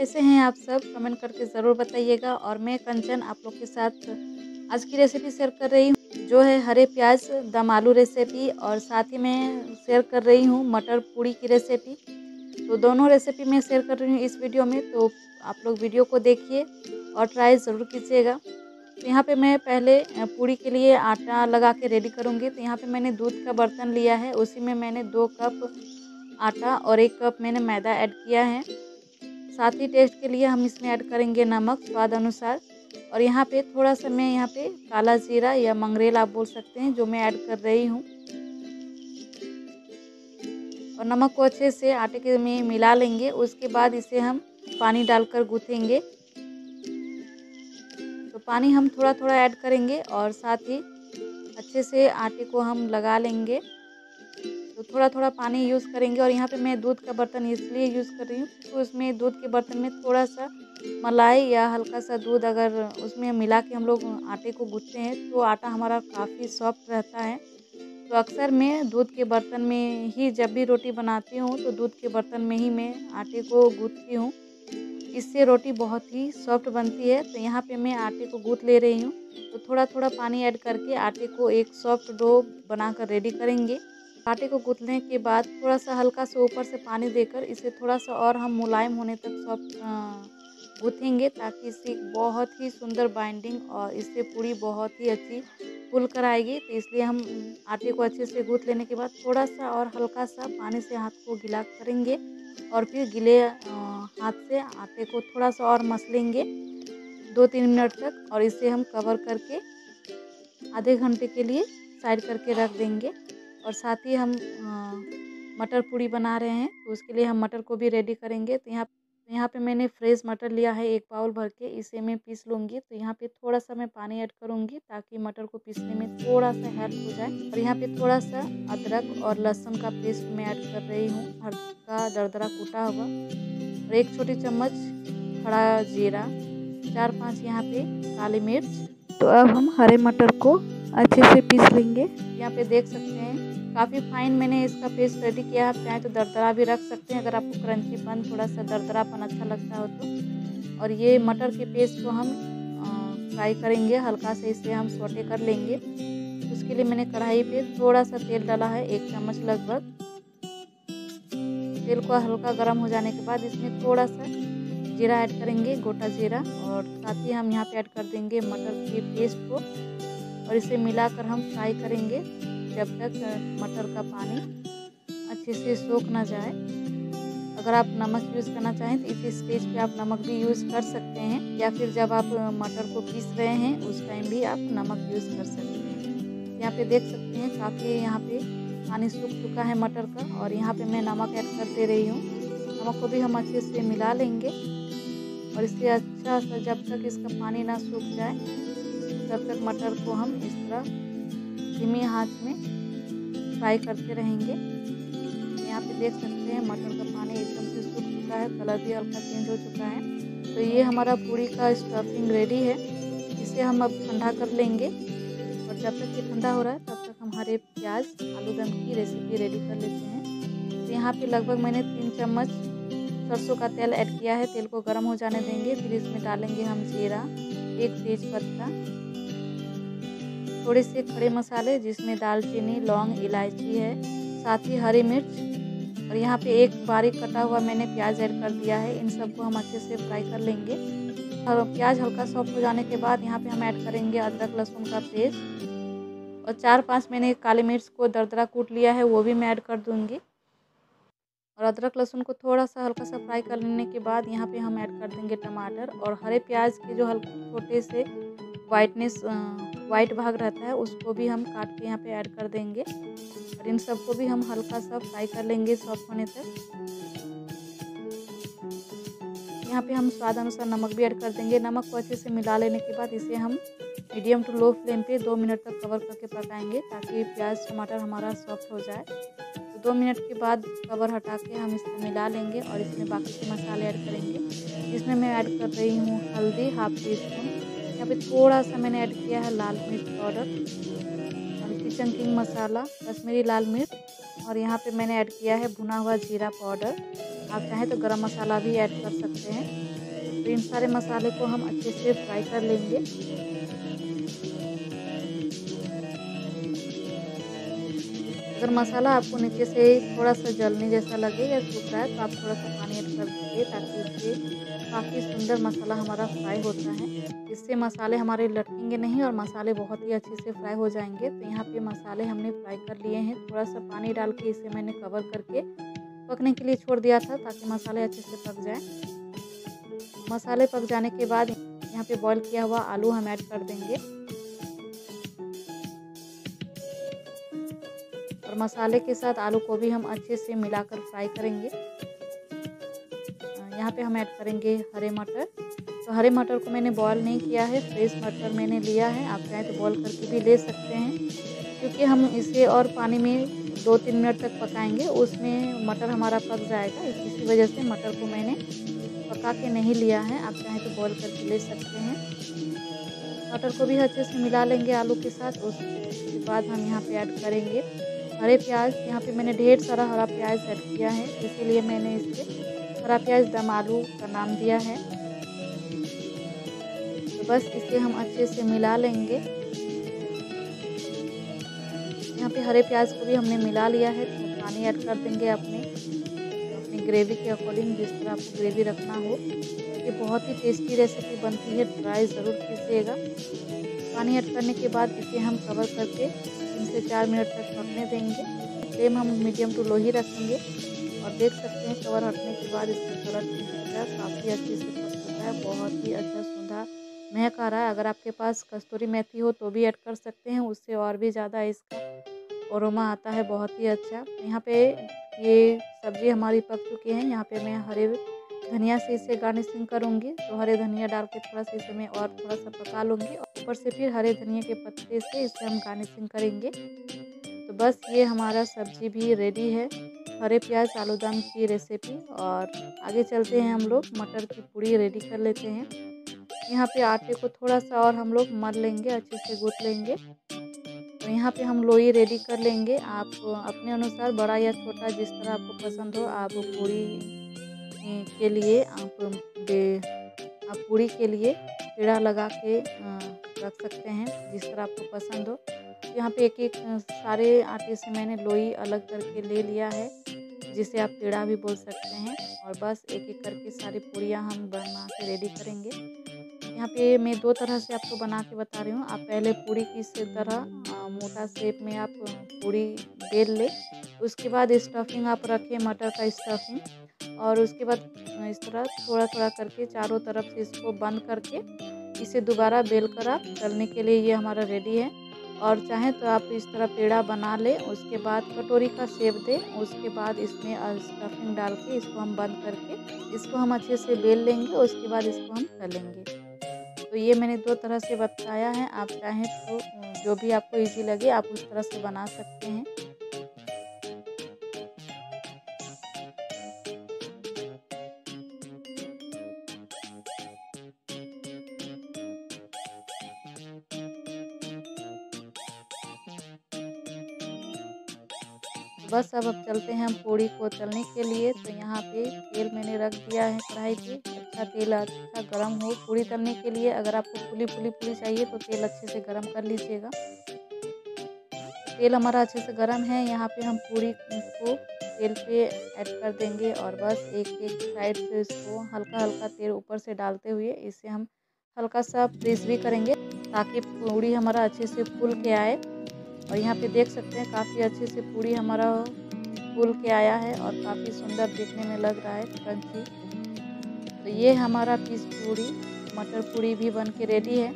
कैसे हैं आप सब कमेंट करके ज़रूर बताइएगा और मैं कंचन आप लोग के साथ आज की रेसिपी शेयर कर रही हूँ जो है हरे प्याज दम आलू रेसिपी और साथ ही मैं शेयर कर रही हूँ मटर पूड़ी की रेसिपी तो दोनों रेसिपी मैं शेयर कर रही हूँ इस वीडियो में तो आप लोग वीडियो को देखिए और ट्राई ज़रूर कीजिएगा तो यहाँ पे मैं पहले पूड़ी के लिए आटा लगा के रेडी करूँगी तो यहाँ पे मैंने दूध का बर्तन लिया है उसी में मैंने दो कप आटा और एक कप मैंने मैदा ऐड किया है साथ ही टेस्ट के लिए हम इसमें ऐड करेंगे नमक स्वाद अनुसार और यहाँ पे थोड़ा सा मैं यहाँ पे काला जीरा या मंगरेल आप बोल सकते हैं जो मैं ऐड कर रही हूँ और नमक को अच्छे से आटे के में मिला लेंगे उसके बाद इसे हम पानी डालकर गूँथेंगे तो पानी हम थोड़ा थोड़ा ऐड करेंगे और साथ ही अच्छे से आटे को हम लगा लेंगे तो थोड़ा थोड़ा पानी यूज़ करेंगे और यहाँ पे मैं दूध का बर्तन इसलिए यूज़ कर रही हूँ तो उसमें दूध के बर्तन में थोड़ा सा मलाई या हल्का सा दूध अगर उसमें मिला के हम लोग आटे को गूँथते हैं तो आटा हमारा काफ़ी सॉफ्ट रहता है तो अक्सर मैं दूध के बर्तन में ही जब भी रोटी बनाती हूँ तो दूध के बर्तन में ही मैं आटे को गूँथती हूँ इससे रोटी बहुत ही सॉफ्ट बनती है तो यहाँ पे मैं आटे को गूँथ ले रही हूँ तो थोड़ा थोड़ा पानी ऐड करके आटे को एक सॉफ्ट डो बनाकर रेडी करेंगे आटे को गूंथने के बाद थोड़ा सा हल्का से ऊपर से पानी देकर इसे थोड़ा सा और हम मुलायम होने तक सॉफ्ट गूँथेंगे ताकि इसकी बहुत ही सुंदर बाइंडिंग और इससे पूरी बहुत ही अच्छी फुल कर आएगी तो इसलिए हम आटे को अच्छे से गूंथ लेने के बाद थोड़ा सा और हल्का सा पानी से हाथ को गिला करेंगे और फिर गिले हाथ से आटे को थोड़ा सा और मसलेंगे दो तीन मिनट तक और इसे हम कवर करके आधे घंटे के लिए साइड करके रख देंगे और साथ ही हम मटर पूड़ी बना रहे हैं तो उसके लिए हम मटर को भी रेडी करेंगे तो यहाँ यहाँ पे मैंने फ्रेश मटर लिया है एक बाउल भर के इसे मैं पीस लूँगी तो यहाँ पे थोड़ा सा मैं पानी ऐड करूँगी ताकि मटर को पीसने में थोड़ा सा हेल्प हो जाए और यहाँ पे थोड़ा सा अदरक और लहसुन का पेस्ट मैं ऐड कर रही हूँ हल्का दरदरा कूटा हुआ और एक छोटी चम्मच खड़ा जीरा चार पाँच यहाँ पे काली मिर्च तो अब हम हरे मटर को अच्छे से पीस लेंगे यहाँ पे देख सकते हैं काफ़ी फाइन मैंने इसका पेस्ट रेडी किया है आप चाहें तो दरदरा भी रख सकते हैं अगर आपको क्रंचीपन थोड़ा सा दरदरापन अच्छा लगता हो तो और ये मटर के पेस्ट को हम फ्राई करेंगे हल्का से इसे हम सोटे कर लेंगे उसके लिए मैंने कढ़ाई पे थोड़ा सा तेल डाला है एक चम्मच लगभग तेल को हल्का गर्म हो जाने के बाद इसमें थोड़ा सा जीरा ऐड करेंगे गोटा जीरा और साथ ही हम यहाँ पे ऐड कर देंगे मटर के पेस्ट को और इसे मिलाकर हम फ्राई करेंगे जब तक मटर का पानी अच्छे से सोख ना जाए अगर आप नमक यूज़ करना चाहें तो इस स्टेज पे आप नमक भी यूज़ कर सकते हैं या फिर जब आप मटर को पीस रहे हैं उस टाइम भी आप नमक यूज़ कर सकते हैं यहाँ पे देख सकते हैं काफ़ी यहाँ पे पानी सूख चुका है मटर का और यहाँ पे मैं नमक ऐड कर दे रही हूँ नमक को भी हम अच्छे से मिला लेंगे और इससे अच्छा सा जब तक इसका पानी ना सूख जाए तब तक मटर को हम इस तरह धीमी हाथ में फ्राई करते रहेंगे यहाँ पे देख सकते हैं मटर का पानी एकदम से सूख चुका है कलर भी हल्का चेंज हो चुका है तो ये हमारा पूरी का स्टफिंग रेडी है इसे हम अब ठंडा कर लेंगे और जब तक ये ठंडा हो रहा है तब तक हमारे प्याज आलू दम की रेसिपी रेडी कर लेते हैं तो यहाँ पे लगभग मैंने तीन चम्मच सरसों का तेल ऐड किया है तेल को गर्म हो जाने देंगे फिर इसमें डालेंगे हम जीरा एक तेज पत्ता थोड़े से खड़े मसाले जिसमें दालचीनी लौंग इलायची है साथ ही हरी मिर्च और यहाँ पे एक बारीक कटा हुआ मैंने प्याज ऐड कर दिया है इन सबको हम अच्छे से फ्राई कर लेंगे और प्याज हल्का सॉफ्ट हो जाने के बाद यहाँ पे हम ऐड करेंगे अदरक लहसुन का पेस्ट और चार पांच मैंने काली मिर्च को दरदरा कूट लिया है वो भी मैं ऐड कर दूँगी और अदरक लहसुन को थोड़ा सा हल्का सा फ्राई कर लेने के बाद यहाँ पे हम ऐड कर देंगे टमाटर और हरे प्याज के जो हल्के छोटे से वाइटनेस वाइट भाग रहता है उसको भी हम काट के यहाँ पे ऐड कर देंगे और इन सबको भी हम हल्का सा फ्राई कर लेंगे सॉफ्ट होने तक यहाँ पे हम स्वाद अनुसार नमक भी ऐड कर देंगे नमक को अच्छे से मिला लेने के बाद इसे हम मीडियम टू लो फ्लेम पे दो मिनट तक कवर करके पकाएंगे ताकि प्याज टमाटर हमारा सॉफ्ट हो जाए तो दो मिनट के बाद कवर हटा के हम इसको मिला लेंगे और इसमें बाकी के मसाले ऐड करेंगे इसमें मैं ऐड कर रही हूँ हल्दी हाफ टी स्पून पे थोड़ा सा मैंने ऐड किया है लाल मिर्च पाउडर और किचन किंग मसाला कश्मीरी लाल मिर्च और यहाँ पे मैंने ऐड किया है भुना हुआ जीरा पाउडर आप चाहें तो गरम मसाला भी ऐड कर सकते हैं तो इन सारे मसाले को हम अच्छे से फ्राई कर लेंगे अगर मसाला आपको नीचे से थोड़ा सा जलने जैसा लगे या सूख रहा है तो आप थोड़ा सा पानी ऐड कर दीजिए ताकि इससे काफ़ी सुंदर मसाला हमारा फ्राई होता है इससे मसाले हमारे लटकेंगे नहीं और मसाले बहुत ही अच्छे से फ्राई हो जाएंगे तो यहाँ पे मसाले हमने फ्राई कर लिए हैं थोड़ा सा पानी डाल के इसे मैंने कवर करके पकने के लिए छोड़ दिया था ताकि मसाले अच्छे से पक जाए मसाले पक जाने के बाद यहाँ पर बॉयल किया हुआ आलू हम ऐड कर देंगे मसाले के साथ आलू को भी हम अच्छे से मिलाकर फ्राई करेंगे यहाँ पे हम ऐड करेंगे हरे मटर तो हरे मटर को मैंने बॉयल नहीं किया है फ्रेश मटर मैंने लिया है आप चाहें तो बॉयल करके भी ले सकते हैं क्योंकि हम इसे और पानी में दो तीन मिनट तक पकाएंगे उसमें मटर हमारा पक जाएगा इसी वजह से मटर को मैंने पका के नहीं लिया है आप चाहें तो बॉयल करके ले सकते हैं मटर को भी अच्छे से मिला लेंगे आलू के साथ उसके बाद हम यहाँ पे ऐड करेंगे हरे प्याज यहाँ पे मैंने ढेर सारा हरा प्याज ऐड किया है इसीलिए मैंने इसे हरा प्याज दम आलू का नाम दिया है तो बस इसे हम अच्छे से मिला लेंगे यहाँ पे हरे प्याज को भी हमने मिला लिया है तो पानी ऐड कर देंगे अपने ग्रेवी के अकॉर्डिंग जिस तरह आपको ग्रेवी रखना हो ये बहुत ही टेस्टी रेसिपी बनती है ट्राई ज़रूर कीजिएगा पानी हट करने के बाद इसे हम कवर करके तीन से चार मिनट तक पकने देंगे फ्लेम हम मीडियम टू लो ही रखेंगे और देख सकते हैं कवर हटने के बाद इसका कलर काफ़ी अच्छे से पक है बहुत ही अच्छा सुंदर महक आ रहा है अगर आपके पास कस्तूरी मेथी हो तो भी ऐड कर सकते हैं उससे और भी ज़्यादा इसका ओरोमा आता है बहुत ही अच्छा यहाँ पे ये सब्जी हमारी पक चुकी है यहाँ पे मैं हरे धनिया से इसे गार्निशिंग करूँगी तो हरे धनिया डाल के थोड़ा सा इसे मैं और थोड़ा सा पका लूँगी ऊपर से फिर हरे धनिया के पत्ते से इसे हम गार्निशिंग करेंगे तो बस ये हमारा सब्जी भी रेडी है हरे प्याज आलूदम की रेसिपी और आगे चलते हैं हम लोग मटर की पूड़ी रेडी कर लेते हैं यहाँ पे आटे को थोड़ा सा और हम लोग मर लेंगे अच्छे से गूथ लेंगे तो यहाँ पे हम लोई रेडी कर लेंगे आप अपने अनुसार बड़ा या छोटा जिस तरह आपको पसंद हो आप पूरी के लिए आप आप पूरी के लिए पेड़ा लगा के रख सकते हैं जिस तरह आपको पसंद हो यहाँ पे एक एक सारे आटे से मैंने लोई अलग करके ले लिया है जिसे आप पेड़ा भी बोल सकते हैं और बस एक एक करके सारी पूड़ियाँ हम बना के रेडी करेंगे यहाँ पे मैं दो तरह से आपको बना के बता रही हूँ आप पहले पूरी की तरह मोटा शेप में आप पूरी बेल ले उसके बाद स्टफिंग आप रखें मटर का स्टफिंग और उसके बाद इस तरह थोड़ा थोड़ा करके चारों तरफ से इसको बंद करके इसे दोबारा बेल कर आप तलने के लिए ये हमारा रेडी है और चाहें तो आप इस तरह पेड़ा बना लें उसके बाद कटोरी का सेब दें उसके बाद इसमें स्टफिंग डाल के इसको हम बंद करके इसको हम अच्छे से बेल लेंगे उसके बाद इसको हम तलेंगे तो ये मैंने दो तरह से बताया है आप चाहें तो जो भी आपको इजी लगे आप उस तरह से बना सकते हैं बस अब अब चलते हैं हम पूड़ी को तलने के लिए तो यहाँ पे तेल मैंने रख दिया है कढ़ाई पे का अच्छा तेल अच्छा गर्म हो पूरी तलने के लिए अगर आपको फुली फुली पूरी चाहिए तो तेल अच्छे से गर्म कर लीजिएगा तेल हमारा अच्छे से गर्म है यहाँ पे हम पूरी को तेल पे ऐड कर देंगे और बस एक एक साइड से इसको हल्का हल्का तेल ऊपर से डालते हुए इसे हम हल्का सा प्रेस भी करेंगे ताकि पूरी हमारा अच्छे से फूल के आए और यहाँ पे देख सकते हैं काफ़ी अच्छे से पूरी हमारा फूल के आया है और काफ़ी सुंदर देखने में लग रहा है क्रंची तो ये हमारा पीस पूरी मटर पूरी भी बन के रेडी है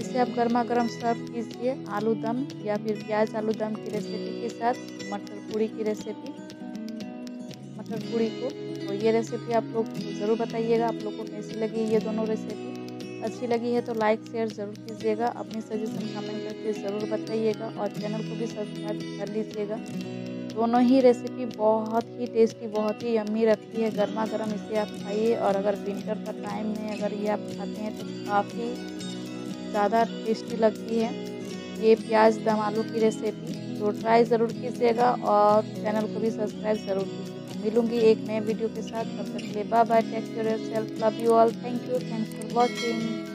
इसे आप गर्मा गर्म सर्व कीजिए आलू दम या फिर प्याज आलू दम की रेसिपी के साथ मटर पूरी की रेसिपी मटर पूरी को तो ये रेसिपी आप लोग ज़रूर बताइएगा आप लोग को कैसी लगी ये दोनों रेसिपी अच्छी लगी है तो लाइक शेयर ज़रूर कीजिएगा अपनी सजेशन कमेंट करके ज़रूर बताइएगा और चैनल को भी सब्सक्राइब कर लीजिएगा दोनों ही रेसिपी बहुत ही टेस्टी बहुत ही यम्मी रखती है गर्मा गर्म इसे आप खाइए और अगर विंटर का टाइम में अगर ये आप खाते हैं तो काफ़ी ज़्यादा टेस्टी लगती है ये प्याज दम आलू की रेसिपी तो ट्राई ज़रूर कीजिएगा और चैनल को भी सब्सक्राइब ज़रूर कीजिएगा मिलूंगी एक नए वीडियो के साथ तब तक ले bye bye take yourself love you all thank you thanks for watching